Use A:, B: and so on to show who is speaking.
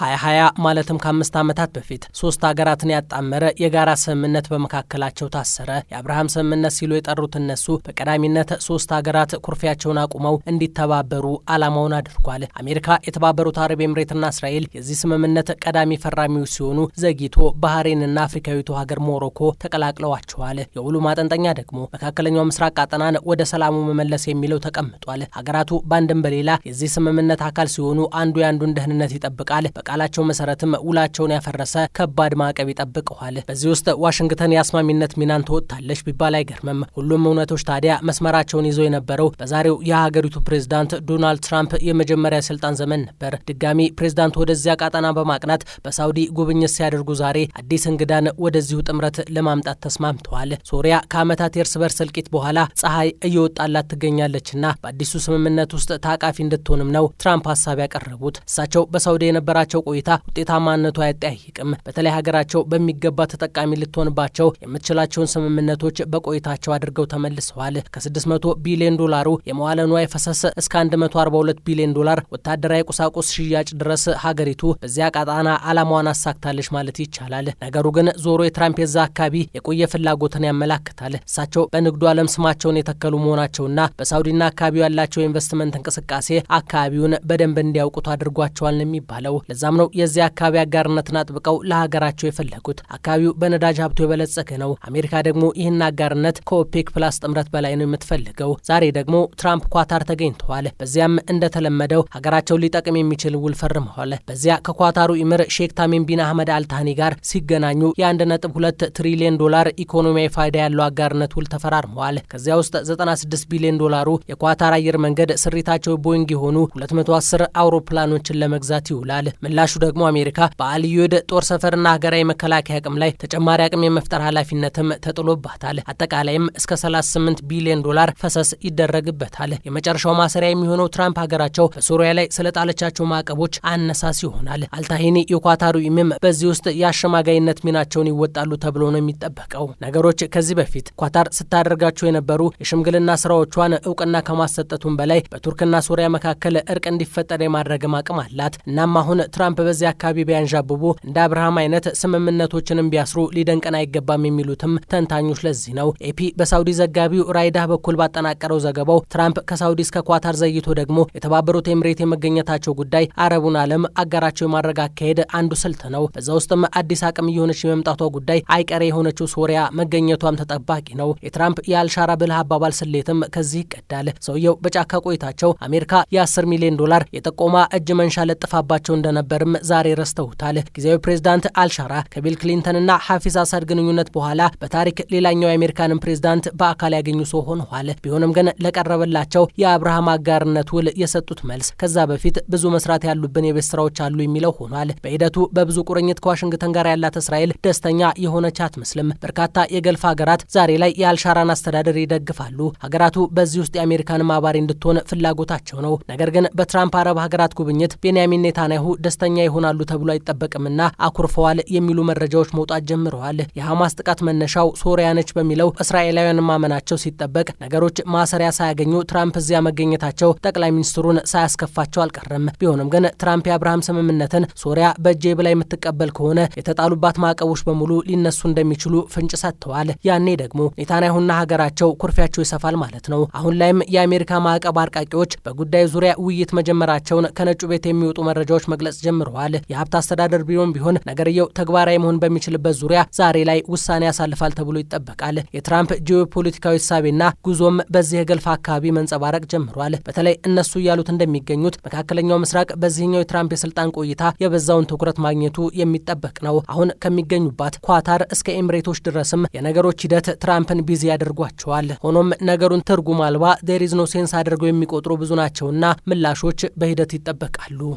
A: 2020 ማለትም ከአምስት ዓመታት በፊት ሶስት ሀገራትን ያጣመረ የጋራ ስምምነት በመካከላቸው ታሰረ። የአብርሃም ስምምነት ሲሉ የጠሩት እነሱ በቀዳሚነት ሶስት ሀገራት ኩርፊያቸውን አቁመው እንዲተባበሩ ዓላማውን አድርጓል። አሜሪካ፣ የተባበሩት አረብ ኤምሬትና እስራኤል የዚህ ስምምነት ቀዳሚ ፈራሚዎች ሲሆኑ ዘግይቶ ባህሬንና አፍሪካዊቱ ሀገር ሞሮኮ ተቀላቅለዋቸዋል። የውሉ ማጠንጠኛ ደግሞ መካከለኛው ምስራቅ ቀጠናን ወደ ሰላሙ መመለስ የሚለው ተቀምጧል። ሀገራቱ በአንድም በሌላ የዚህ ስምምነት አካል ሲሆኑ አንዱ የአንዱን ደህንነት ይጠብቃል። ቃላቸው መሰረትም ውላቸውን ያፈረሰ ከባድ ማዕቀብ ይጠብቀዋል። በዚህ ውስጥ ዋሽንግተን የአስማሚነት ሚናን ተወጥታለች ቢባል አይገርምም። ሁሉም እውነቶች ታዲያ መስመራቸውን ይዞ የነበረው በዛሬው የሀገሪቱ ፕሬዝዳንት ዶናልድ ትራምፕ የመጀመሪያ ስልጣን ዘመን ነበር። ድጋሚ ፕሬዝዳንቱ ወደዚያ ቃጠና በማቅናት በሳውዲ ጉብኝት ሲያደርጉ ዛሬ አዲስ እንግዳን ወደዚሁ ጥምረት ለማምጣት ተስማምተዋል። ሶሪያ ከዓመታት የእርስ በርስ እልቂት በኋላ ፀሐይ እየወጣላት ትገኛለችና በአዲሱ ስምምነት ውስጥ ታቃፊ እንድትሆንም ነው ትራምፕ ሀሳብ ያቀረቡት። እሳቸው በሳውዲ የነበራቸው ያላቸው ቆይታ ውጤታማነቱ አያጠያይቅም። በተለይ ሀገራቸው በሚገባ ተጠቃሚ ልትሆንባቸው የምትችላቸውን ስምምነቶች በቆይታቸው አድርገው ተመልሰዋል። ከ600 ቢሊዮን ዶላሩ የመዋለ ንዋይ ፈሰስ እስከ 142 ቢሊዮን ዶላር ወታደራዊ ቁሳቁስ ሽያጭ ድረስ ሀገሪቱ በዚያ ቀጣና ዓላማዋን አሳክታለች ማለት ይቻላል። ነገሩ ግን ዞሮ የትራምፔዛ አካባቢ የቆየ ፍላጎትን ያመላክታል። እሳቸው በንግዱ ዓለም ስማቸውን የተከሉ መሆናቸውና በሳውዲና አካባቢው ያላቸው የኢንቨስትመንት እንቅስቃሴ አካባቢውን በደንብ እንዲያውቁት አድርጓቸዋል ነው የሚባለው። ለዛ ለዛም ነው አካባቢ አጋርነትን አጥብቀው ለሀገራቸው የፈለጉት። አካባቢው በነዳጅ ሀብቱ የበለጸገ ነው። አሜሪካ ደግሞ ይህን አጋርነት ከኦፔክ ፕላስ ጥምረት በላይ ነው የምትፈልገው። ዛሬ ደግሞ ትራምፕ ኳታር ተገኝተዋል። በዚያም እንደተለመደው ሀገራቸውን ሊጠቅም የሚችል ውል ፈርመዋል። በዚያ ከኳታሩ ኢምር ሼክ ታሚም ቢን አህመድ አልታኒ ጋር ሲገናኙ የአንድ ነጥብ ሁለት ትሪሊዮን ዶላር ኢኮኖሚያዊ ፋይዳ ያለው አጋርነት ውል ተፈራርመዋል። ከዚያ ውስጥ 96 ቢሊዮን ዶላሩ የኳታር አየር መንገድ ስሪታቸው ቦይንግ የሆኑ 210 አውሮፕላኖችን ለመግዛት ይውላል። በምላሹ ደግሞ አሜሪካ በአልዩድ ጦር ሰፈርና ሀገራዊ መከላከያ አቅም ላይ ተጨማሪ አቅም የመፍጠር ኃላፊነትም ተጥሎባታል። አጠቃላይም እስከ 38 ቢሊዮን ዶላር ፈሰስ ይደረግበታል። የመጨረሻው ማሰሪያ የሚሆነው ትራምፕ ሀገራቸው በሱሪያ ላይ ስለጣለቻቸው ማዕቀቦች አነሳስ ይሆናል። አልታሂኒ የኳታሩ ኢሚም በዚህ ውስጥ የአሸማጋይነት ሚናቸውን ይወጣሉ ተብሎ ነው የሚጠበቀው። ነገሮች ከዚህ በፊት ኳታር ስታደርጋቸው የነበሩ የሽምግልና ስራዎቿን እውቅና ከማሰጠቱም በላይ በቱርክና ሱሪያ መካከል እርቅ እንዲፈጠር የማድረግም አቅም አላት። እናም አሁን ትራምፕ በዚያ አካባቢ ቢያንዣብቡ እንደ አብርሃም አይነት ስምምነቶችንም ቢያስሩ ሊደንቀን አይገባም የሚሉትም ተንታኞች ለዚህ ነው። ኤፒ በሳውዲ ዘጋቢው ራይዳህ በኩል ባጠናቀረው ዘገባው ትራምፕ ከሳውዲ እስከ ኳታር ዘይቶ ደግሞ የተባበሩት ኤምሬት የመገኘታቸው ጉዳይ አረቡን ዓለም አጋራቸው የማድረግ አካሄድ አንዱ ስልት ነው። በዛ ውስጥም አዲስ አቅም እየሆነች የመምጣቷ ጉዳይ አይቀሬ የሆነችው ሶሪያ መገኘቷም ተጠባቂ ነው። የትራምፕ የአልሻራ ብልህ አባባል ስሌትም ከዚህ ይቀዳል። ሰውየው በጫካ ቆይታቸው አሜሪካ የ10 ሚሊዮን ዶላር የጠቆማ እጅ መንሻ ለጥፋባቸው እንደነበር ነበርም ዛሬ ረስተውታል። ጊዜያዊ ፕሬዝዳንት አልሻራ ከቢል ክሊንተንና ሐፊዝ አሳድ ግንኙነት በኋላ በታሪክ ሌላኛው የአሜሪካንን ፕሬዝዳንት በአካል ያገኙ ሰው ሆነዋል። ቢሆንም ግን ለቀረበላቸው የአብርሃም አጋርነት ውል የሰጡት መልስ ከዛ በፊት ብዙ መስራት ያሉብን የቤት ስራዎች አሉ የሚለው ሆኗል። በሂደቱ በብዙ ቁርኝት ከዋሽንግተን ጋር ያላት እስራኤል ደስተኛ የሆነች አትመስልም። በርካታ የገልፍ ሀገራት ዛሬ ላይ የአልሻራን አስተዳደር ይደግፋሉ። ሀገራቱ በዚህ ውስጥ የአሜሪካን ማባሪ እንድትሆን ፍላጎታቸው ነው። ነገር ግን በትራምፕ አረብ ሀገራት ጉብኝት ቤንያሚን ኔታንያሁ ደስ ደስተኛ ይሆናሉ ተብሎ አይጠበቅምና አኩርፈዋል የሚሉ መረጃዎች መውጣት ጀምረዋል። የሐማስ ጥቃት መነሻው ሶሪያ ነች በሚለው እስራኤላውያን ማመናቸው ሲጠበቅ ነገሮች ማሰሪያ ሳያገኙ ትራምፕ እዚያ መገኘታቸው ጠቅላይ ሚኒስትሩን ሳያስከፋቸው አልቀረም። ቢሆንም ግን ትራምፕ የአብርሃም ስምምነትን ሶሪያ በእጄ ብላ የምትቀበል ከሆነ የተጣሉባት ማዕቀቦች በሙሉ ሊነሱ እንደሚችሉ ፍንጭ ሰጥተዋል። ያኔ ደግሞ ኔታንያሁና ሀገራቸው ኩርፊያቸው ይሰፋል ማለት ነው። አሁን ላይም የአሜሪካ ማዕቀብ አርቃቂዎች በጉዳዩ ዙሪያ ውይይት መጀመራቸውን ከነጩ ቤት የሚወጡ መረጃዎች መግለጽ ጀምረዋል። የሀብት አስተዳደር ቢሮም ቢሆን ነገርየው ተግባራዊ መሆን በሚችልበት ዙሪያ ዛሬ ላይ ውሳኔ ያሳልፋል ተብሎ ይጠበቃል። የትራምፕ ጂኦፖለቲካዊ እሳቤና ጉዞም በዚህ የገልፍ አካባቢ መንጸባረቅ ጀምሯል። በተለይ እነሱ እያሉት እንደሚገኙት መካከለኛው ምስራቅ በዚህኛው የትራምፕ የስልጣን ቆይታ የበዛውን ትኩረት ማግኘቱ የሚጠበቅ ነው። አሁን ከሚገኙባት ኳታር እስከ ኤምሬቶች ድረስም የነገሮች ሂደት ትራምፕን ቢዚ ያደርጓቸዋል። ሆኖም ነገሩን ትርጉም አልባ ዴሪዝኖ ሴንስ አድርገው የሚቆጥሩ ብዙ ናቸውና ምላሾች በሂደት ይጠበቃሉ።